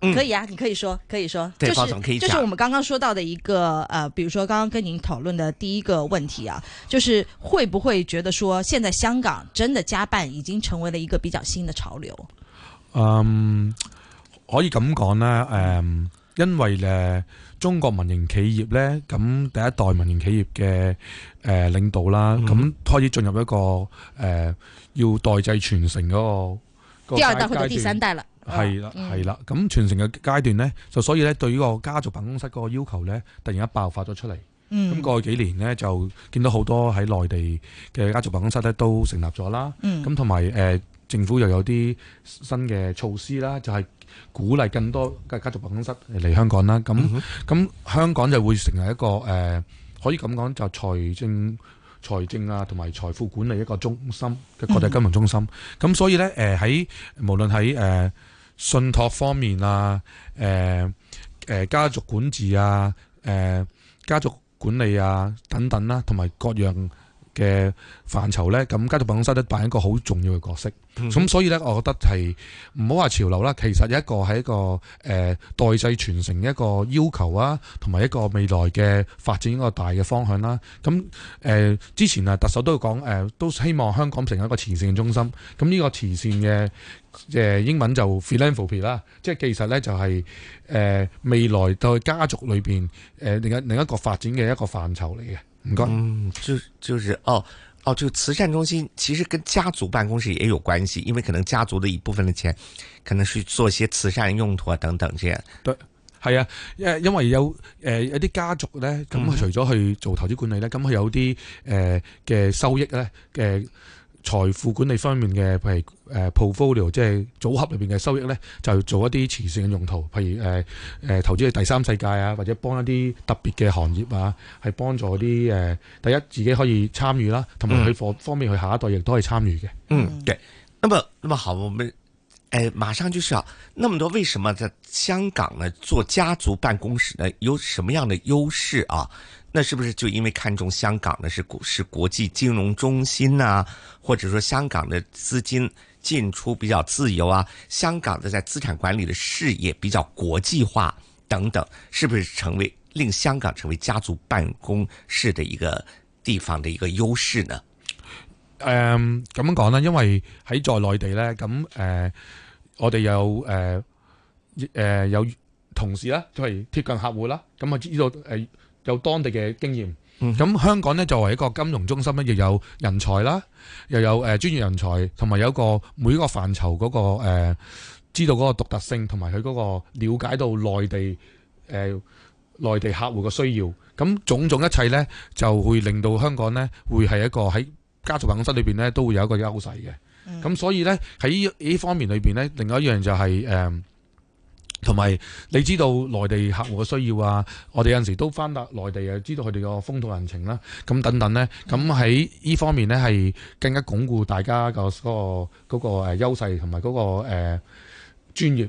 可以啊，嗯、你可以說，可以說，就是這是我們剛剛說到的一個，誒、呃，比如說剛剛跟您討論的第一個問題啊，就是會不會覺得說，現在香港真的家辦已經成為了一個比較新的潮流？嗯，可以咁講咧，誒、嗯，因為中國民營企業咧，咁第一代民營企業嘅誒領導啦，咁開始進入一個誒、呃、要代際傳承，嗰個第二代或者第三代啦。係啦，係啦，咁傳承嘅階段呢，就所以呢對於個家族辦公室嗰個要求呢，突然間爆發咗出嚟。嗯，咁過去幾年呢就見到好多喺內地嘅家族辦公室呢都成立咗啦。嗯，咁同埋誒政府又有啲新嘅措施啦，就係鼓勵更多嘅家族辦公室嚟香港啦。咁咁香港就會成為一個誒，可以咁講就財政財政啊，同埋財富管理一個中心嘅國際金融中心。咁所以呢誒喺無論喺誒。信託方面啊，誒、呃、誒、呃，家族管治啊，誒、呃，家族管理啊等等啦、啊，同埋各樣嘅範疇咧，咁家族辦公室都扮演一個好重要嘅角色。咁、嗯、所以咧，我覺得係唔好話潮流啦。其實一個係一個誒、呃、代際傳承一個要求啊，同埋一個未來嘅發展一個大嘅方向啦。咁、啊、誒之前啊，特首都講誒、啊，都希望香港成為一個慈善中心。咁、啊、呢、這個慈善嘅英文就 philanthropy 啦，即係其實咧就係、是啊、未來對家族裏面另一、呃、另一個發展嘅一個範疇嚟嘅。嗯，就就是哦，哦，就慈善中心其實跟家族辦公室也有關係，因為可能家族的一部分的錢，可能是做一些慈善用途啊等等這樣。對，係啊，因因為有誒、呃、有啲家族咧，咁佢除咗去做投資管理咧，咁佢、嗯、有啲誒嘅收益咧嘅。呃財富管理方面嘅，譬如誒 portfolio，即係組合入邊嘅收益咧，就做一啲慈善嘅用途，譬如誒誒、呃呃、投資去第三世界啊，或者幫一啲特別嘅行業啊，係幫助啲誒、呃、第一自己可以參與啦，同埋佢方便佢下一代亦都可以參與嘅。嗯，對。那麼，那麼好，我們誒、哎，馬上就是啊，那麼多，為什麼在香港呢做家族辦公室呢，有什麼樣嘅優勢啊？那是不是就因為看中香港呢？是是國際金融中心啊，或者說香港的資金進出比較自由啊，香港的在資產管理的事業比較國際化等等，是不是成為令香港成為家族辦公室的一個地方的一個優勢呢？誒、呃，咁樣講呢，因為喺在，在內地呢，咁、呃、誒，我哋有誒誒、呃呃、有同事啦，就係貼近客戶啦，咁啊呢度誒。呃有當地嘅經驗，咁香港呢作為一個金融中心呢，又有人才啦，又有誒專業人才，同埋有一個每一個範疇嗰個誒，知道嗰個獨特性，同埋佢嗰個瞭解到內地誒內地客戶嘅需要，咁種種一切呢，就會令到香港呢，會係一個喺家族辦公室裏邊呢，都會有一個優勢嘅。咁所以呢喺呢方面裏邊呢，另外一樣就係誒。同埋，你知道內地客戶嘅需要啊，我哋有陣時都翻到內地啊，知道佢哋嘅風土人情啦，咁等等咧，咁喺呢方面咧，係更加鞏固大家個嗰個嗰誒優勢同埋嗰誒專業。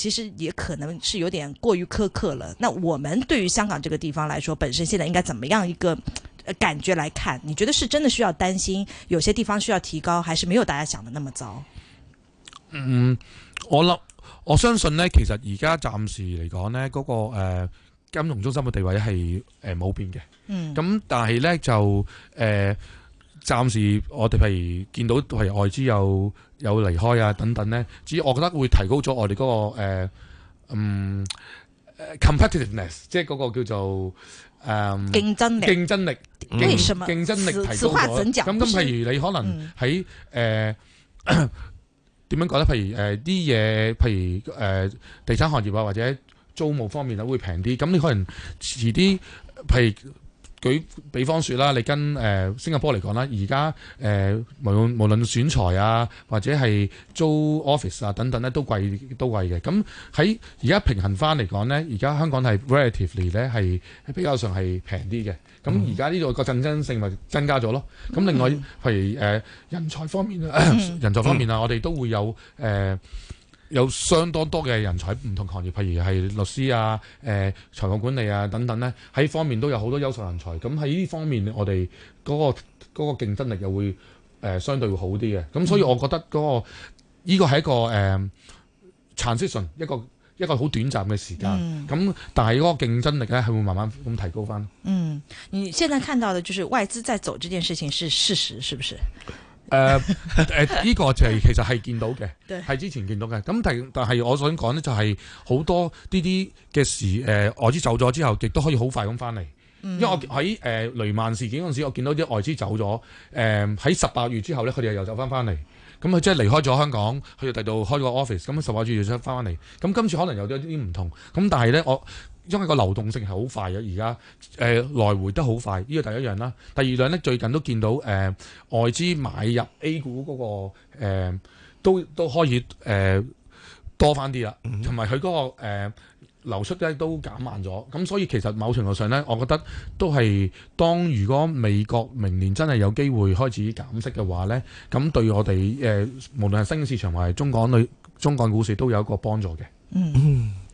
其實也可能是有點過於苛刻了。那我們對於香港這個地方來說，本身現在應該怎麼樣一個感覺來看？你覺得是真的需要擔心，有些地方需要提高，還是沒有大家想的那麼糟？嗯，我諗我相信呢，其實而家暫時嚟講呢，嗰、那個誒、呃、金融中心嘅地位係誒冇變嘅。嗯。咁但係呢，就、呃、誒。暫時我哋譬如見到，譬如外資有有離開啊等等咧，至於我覺得會提高咗我哋嗰、那個誒、呃、嗯 competitiveness，即係嗰個叫做誒、呃、競爭力，競爭力競爭力提高咗咁。咁譬如你可能喺誒點樣講咧？譬如誒啲嘢，譬、呃、如誒、呃、地產行業啊，或者租務方面咧，會平啲。咁你可能遲啲譬如。舉比方說啦，你跟誒、呃、新加坡嚟講啦，而家誒無論無論選材啊，或者係租 office 啊等等咧，都貴都貴嘅。咁喺而家平衡翻嚟講咧，而家香港係 relatively 咧係比較上係平啲嘅。咁而家呢度個競爭性咪增加咗咯。咁另外譬如、呃、人才方面咳咳人才方面啊，我哋都會有誒。呃有相當多嘅人才，唔同行業，譬如係律師啊、誒、呃、財務管理啊等等呢喺方面都有好多優秀人才。咁喺呢方面我們、那個，我哋嗰個嗰個競爭力又會誒、呃、相對會好啲嘅。咁所以我覺得嗰、那、呢個係、這個、一個誒 transition 一個一個好短暫嘅時間。咁、嗯、但係嗰個競爭力咧係會慢慢咁提高翻。嗯，你現在看到嘅，就是外資在走，這件事情是事實，是不是？誒誒，依、 呃呃呢個就係其實係見到嘅，係 之前見到嘅。咁但但係我想講呢，就係好多呢啲嘅事，誒、呃、外資走咗之後，亦都可以好快咁翻嚟。嗯、因為我喺誒、呃、雷曼事件嗰陣時，我見到啲外資走咗，誒喺十八月之後咧，佢哋又走翻翻嚟。咁佢即係離開咗香港，去第度開個 office，咁十八月就想翻翻嚟。咁今次可能有咗啲唔同，咁但係咧我。因為個流動性係好快嘅，而家誒來回得好快，呢個第一樣啦。第二樣呢，最近都見到誒、呃、外資買入 A 股嗰、嗰個、呃、都都開始誒多翻啲啦，同埋佢嗰個流出咧都減慢咗。咁所以其實某程度上呢，我覺得都係當如果美國明年真係有機會開始減息嘅話呢，咁對我哋誒、呃、無論係新市場或係中港類中港股市都有一個幫助嘅。嗯。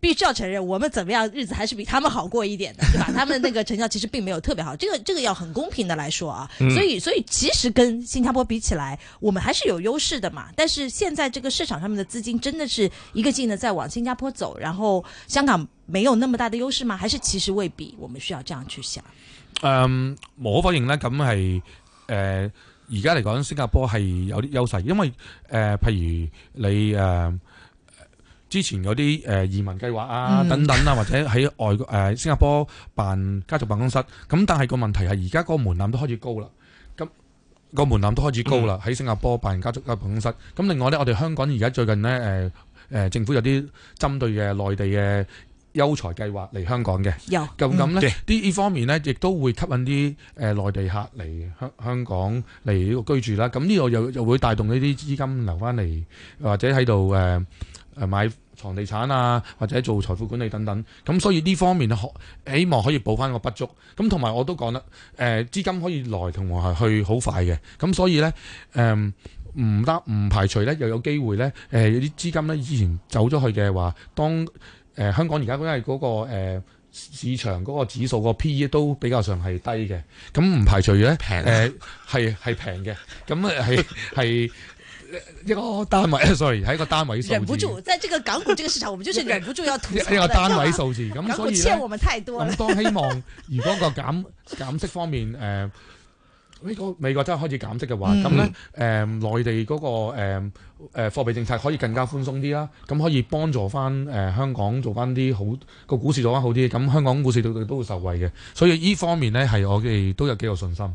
必須要承認，我們怎麼樣日子還是比他們好過一點的，對吧？他們那個成效其實並沒有特別好，這個這個要很公平的來說啊。所以所以其實跟新加坡比起來，我們還是有優勢的嘛。但是現在這個市場上面的資金真的是一個勁的在往新加坡走，然後香港沒有那麼大的優勢嗎？還是其實未必？我們需要這樣去想。嗯，我否認呢。咁係誒，而家嚟講新加坡係有啲優勢，因為誒、呃，譬如你誒。呃之前嗰啲誒移民計劃等等、嗯、啊，等等啊，或者喺外國誒新加坡辦家族辦公室，咁但係個問題係而家嗰個門檻都開始高啦，咁個門檻都開始高啦，喺、嗯、新加坡辦家族辦公室。咁另外咧，我哋香港而家最近咧誒誒政府有啲針對嘅內地嘅優才計劃嚟香港嘅，有咁咁咧，啲呢、嗯、方面咧亦都會吸引啲誒內地客嚟香香港嚟呢個居住啦。咁呢個又又會帶動呢啲資金流翻嚟，或者喺度誒誒買。房地產啊，或者做財富管理等等，咁所以呢方面啊，希望可以補翻個不足。咁同埋我都講啦，誒、呃、資金可以來同埋去好快嘅，咁所以咧，誒唔得唔排除咧又有機會咧，有、呃、啲資金咧以前走咗去嘅話，當誒、呃、香港而家因為嗰個、呃、市場嗰個指數個 P E 都比較上係低嘅，咁唔排除咧，平、誒係係平嘅，咁係係。 一個單位，sorry，係一個單位。數字忍不住，在這個港股這個市場，我們就是忍不住要吐槽的。一個單位數字，咁、啊、所以多，咁多希望。如果個減減息方面，誒、呃，美國美國真係開始減息嘅話，咁咧、嗯，誒，內、呃、地嗰、那個誒誒貨幣政策可以更加寬鬆啲啦，咁可以幫助翻誒香港做翻啲好個股市做翻好啲，咁香港股市對對都會受惠嘅。所以呢方面咧，係我哋都有幾個信心。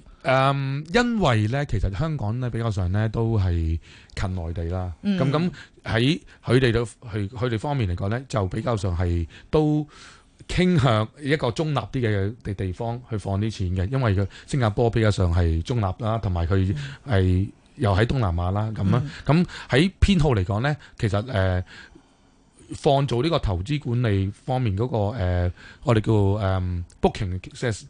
誒，um, 因為咧，其實香港咧比較上咧都係近內地啦。咁咁喺佢哋嘅佢佢哋方面嚟講咧，就比較上係都傾向一個中立啲嘅地地方去放啲錢嘅，因為佢新加坡比較上係中立啦，同埋佢係又喺東南亞啦。咁啊，咁喺偏好嚟講咧，其實誒。呃放做呢個投資管理方面嗰、那個、呃、我哋叫誒、嗯、Booking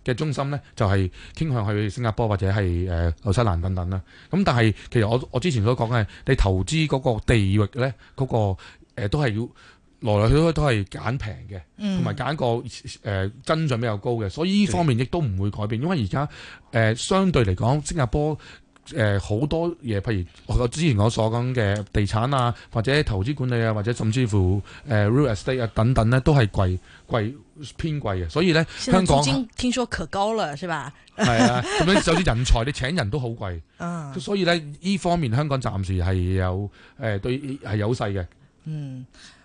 嘅中心咧，就係、是、傾向去新加坡或者係誒紐西蘭等等啦。咁、嗯、但係其實我我之前所講嘅，你投資嗰個地域咧，嗰、那個、呃、都係要來來去去都係揀平嘅，同埋揀個誒、呃、增長比較高嘅。所以呢方面亦都唔會改變，因為而家誒相對嚟講新加坡。誒好、呃、多嘢，譬如我之前我所講嘅地產啊，或者投資管理啊，或者甚至乎誒、呃、real estate 啊等等咧，都係貴貴偏貴嘅。所以咧，香港，聽聽說可高了，是吧？係 啊，咁樣就算、是、人才你請人都好貴。嗯，所以咧呢方面香港暫時係有誒、呃、對係優勢嘅。嗯。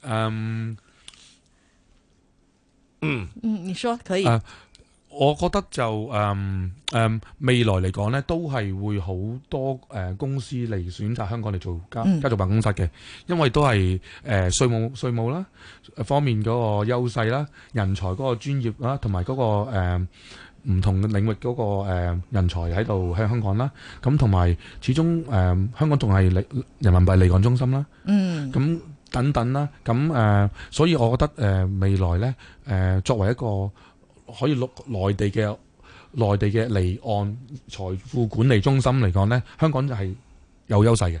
誒，嗯，嗯，你說可以，我覺得就誒，誒，未來嚟講呢，都係會好多誒公司嚟選擇香港嚟做家，家族辦公室嘅，因為都係誒稅務稅務啦，方面嗰個優勢啦，人才嗰個專業啦，同埋嗰個誒唔同嘅領域嗰個誒人才喺度喺香港啦，咁同埋始終誒香港仲係離人民幣離岸中心啦，嗯，咁。等等啦，咁誒、呃，所以我覺得誒、呃、未來咧，誒、呃、作為一個可以陸內地嘅內地嘅離岸財富管理中心嚟講咧，香港就係有優勢嘅。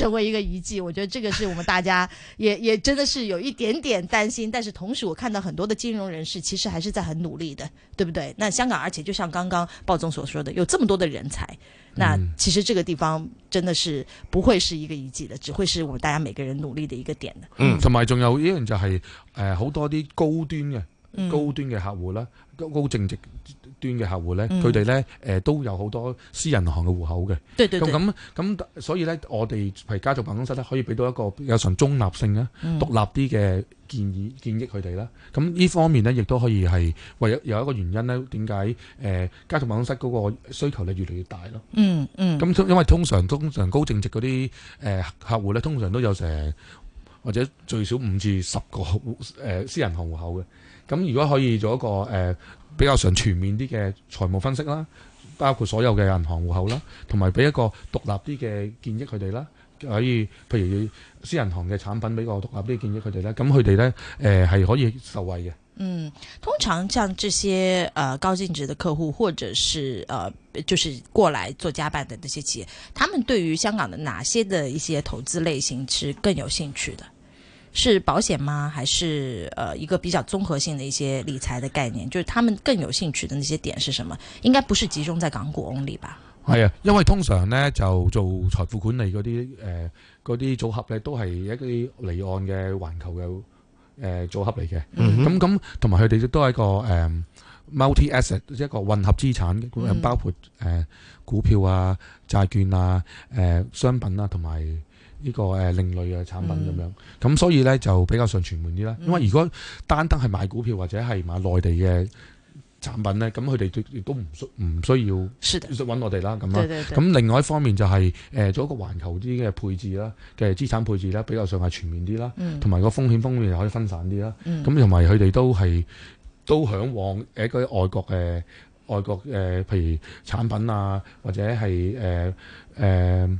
成為一個遺跡，我覺得這個是我們大家也也真的是有一點點擔心。但是同時，我看到很多的金融人士其實還是在很努力的，對不對？那香港，而且就像剛剛鮑總所說的，有這麼多的人才，那其實這個地方真的是不會是一個遺跡的，只會是我們大家每個人努力的一個點的。嗯，同埋仲有一樣就係誒，好多啲高端嘅高端嘅客戶啦，高高淨值。端嘅客戶咧，佢哋咧誒都有好多私人行嘅戶口嘅。咁咁咁，所以咧我哋係家族辦公室咧，可以俾到一個比較中立性啊、嗯、獨立啲嘅建議建議佢哋啦。咁呢方面咧，亦都可以係為有有一個原因咧，點解誒家族辦公室嗰個需求咧越嚟越大咯、嗯？嗯嗯。咁通因為通常通常高淨值嗰啲誒客戶咧，通常都有成，或者最少五至十個誒私人銀行戶口嘅，咁如果可以做一個誒比較上全面啲嘅財務分析啦，包括所有嘅銀行戶口啦，同埋俾一個獨立啲嘅建議佢哋啦，可以譬如要私人銀行嘅產品俾個獨立啲建議佢哋啦。咁佢哋呢誒係可以受惠嘅。嗯，通常像這些呃高淨值的客戶，或者是呃就是過來做家辦的那些企業，他們對於香港的哪些的一些投資類型是更有興趣的？是保險嗎？還是呃一個比較綜合性的一些理財的概念？就是他們更有興趣的那些點是什麼？應該不是集中在港股 only 吧？係、嗯、啊，因為通常呢，就做財富管理嗰啲誒嗰啲組合咧都係一啲離岸嘅環球嘅。誒、呃、組合嚟嘅，咁咁同埋佢哋都係一個誒、uh, multi asset，一個混合資產、mm hmm. 包括誒、呃、股票啊、債券啊、誒、呃、商品啊，同埋呢個誒、呃、另類嘅產品咁樣咁、mm hmm. 所以咧就比較上全面啲啦。Mm hmm. 因為如果單單係買股票或者係買內地嘅。產品咧，咁佢哋亦都唔需唔需要搵我哋啦，咁啦的。咁另外一方面就係、是、誒、呃、做一個環球啲嘅配置啦，嘅資產配置啦，比較上係全面啲啦，同埋個風險方面又可以分散啲啦。咁同埋佢哋都係都向往一嗰啲外國嘅外國嘅譬如產品啊，或者係誒誒。呃呃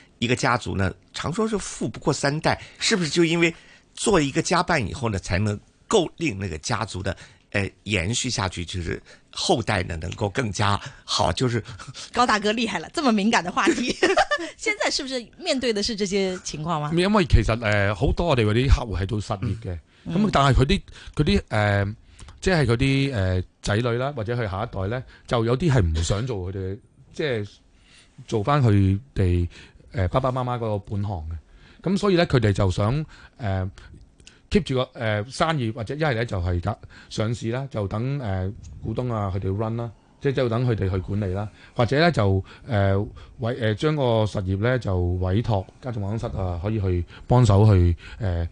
一個家族呢，常說是富不過三代，是不是就因為做一個家辦以後呢，才能夠令那個家族的誒、呃、延續下去，就是後代呢能夠更加好？就是高大哥厲害了，這麼敏感的話題， 現在是不是面對的是這些情況嗎？因為其實誒，好、呃、多我哋嗰啲客戶係做實業嘅，咁、嗯嗯、但係佢啲佢啲誒，即係佢啲誒仔女啦，或者佢下一代咧，就有啲係唔想做佢哋，即係 做返佢哋。誒爸爸媽媽嗰個本行嘅，咁所以咧佢哋就想誒 keep 住個誒、呃、生意，或者一係咧就係、是、上市啦，就等誒、呃、股東啊佢哋 run 啦、啊，即係就是、等佢哋去管理啦、啊，或者咧就誒委、呃呃、將個實業咧就委託家族辦公室啊，可以去幫手去誒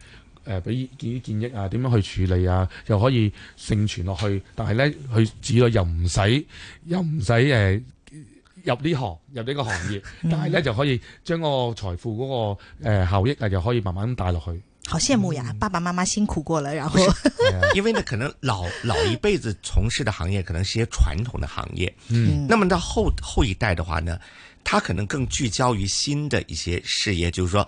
誒俾建建議啊，點樣去處理啊，又可以盛傳落去，但係咧佢止咯又唔使又唔使誒。呃入呢行入呢個行業，但係咧、 嗯、就可以將嗰個財富嗰、那個誒、呃、效益啊，就可以慢慢咁帶落去。好羨慕呀！嗯、爸爸媽媽辛苦過啦，然後 因為呢，可能老老一輩子從事的行業可能係些傳統的行業，嗯，那麼到後後一代的話呢，他可能更聚焦於新的一些事業，就是說。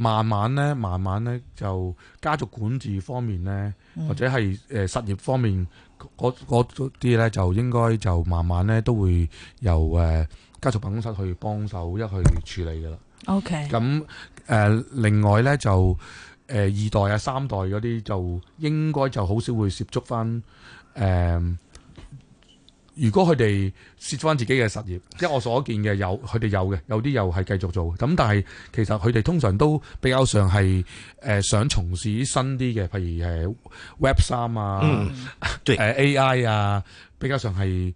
慢慢咧，慢慢咧就家族管治方面咧，嗯、或者係誒、呃、實業方面嗰啲咧，就應該就慢慢咧都會由誒、呃、家族辦公室去幫手一去處理㗎啦。O K. 咁誒另外咧就誒、呃、二代啊三代嗰啲就應該就好少會接觸翻誒。呃如果佢哋涉翻自己嘅實業，因為我所見嘅有佢哋有嘅，有啲又係繼續做的。咁但係其實佢哋通常都比較上係誒想從事新啲嘅，譬如誒 web 三啊，誒 AI 啊，比較上係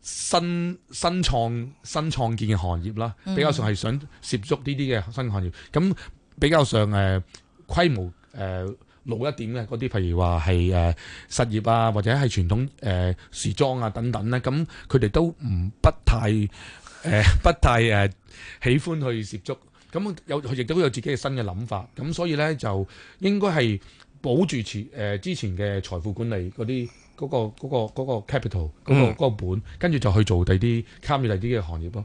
新新創新創建嘅行業啦，比較上係想涉足呢啲嘅新的行業，咁比較上誒、呃、規模誒。呃老一點嘅嗰啲，譬如話係誒實業啊，或者係傳統誒時裝啊等等咧，咁佢哋都唔不太誒、呃，不太誒、呃、喜歡去涉足。咁有亦都有自己嘅新嘅諗法，咁所以咧就應該係保住前誒之前嘅財富管理嗰啲嗰個嗰、嗰個嗰、嗰個 capital 嗰、嗰個嗰個本，跟住、嗯、就去做第啲參與第啲嘅行業咯。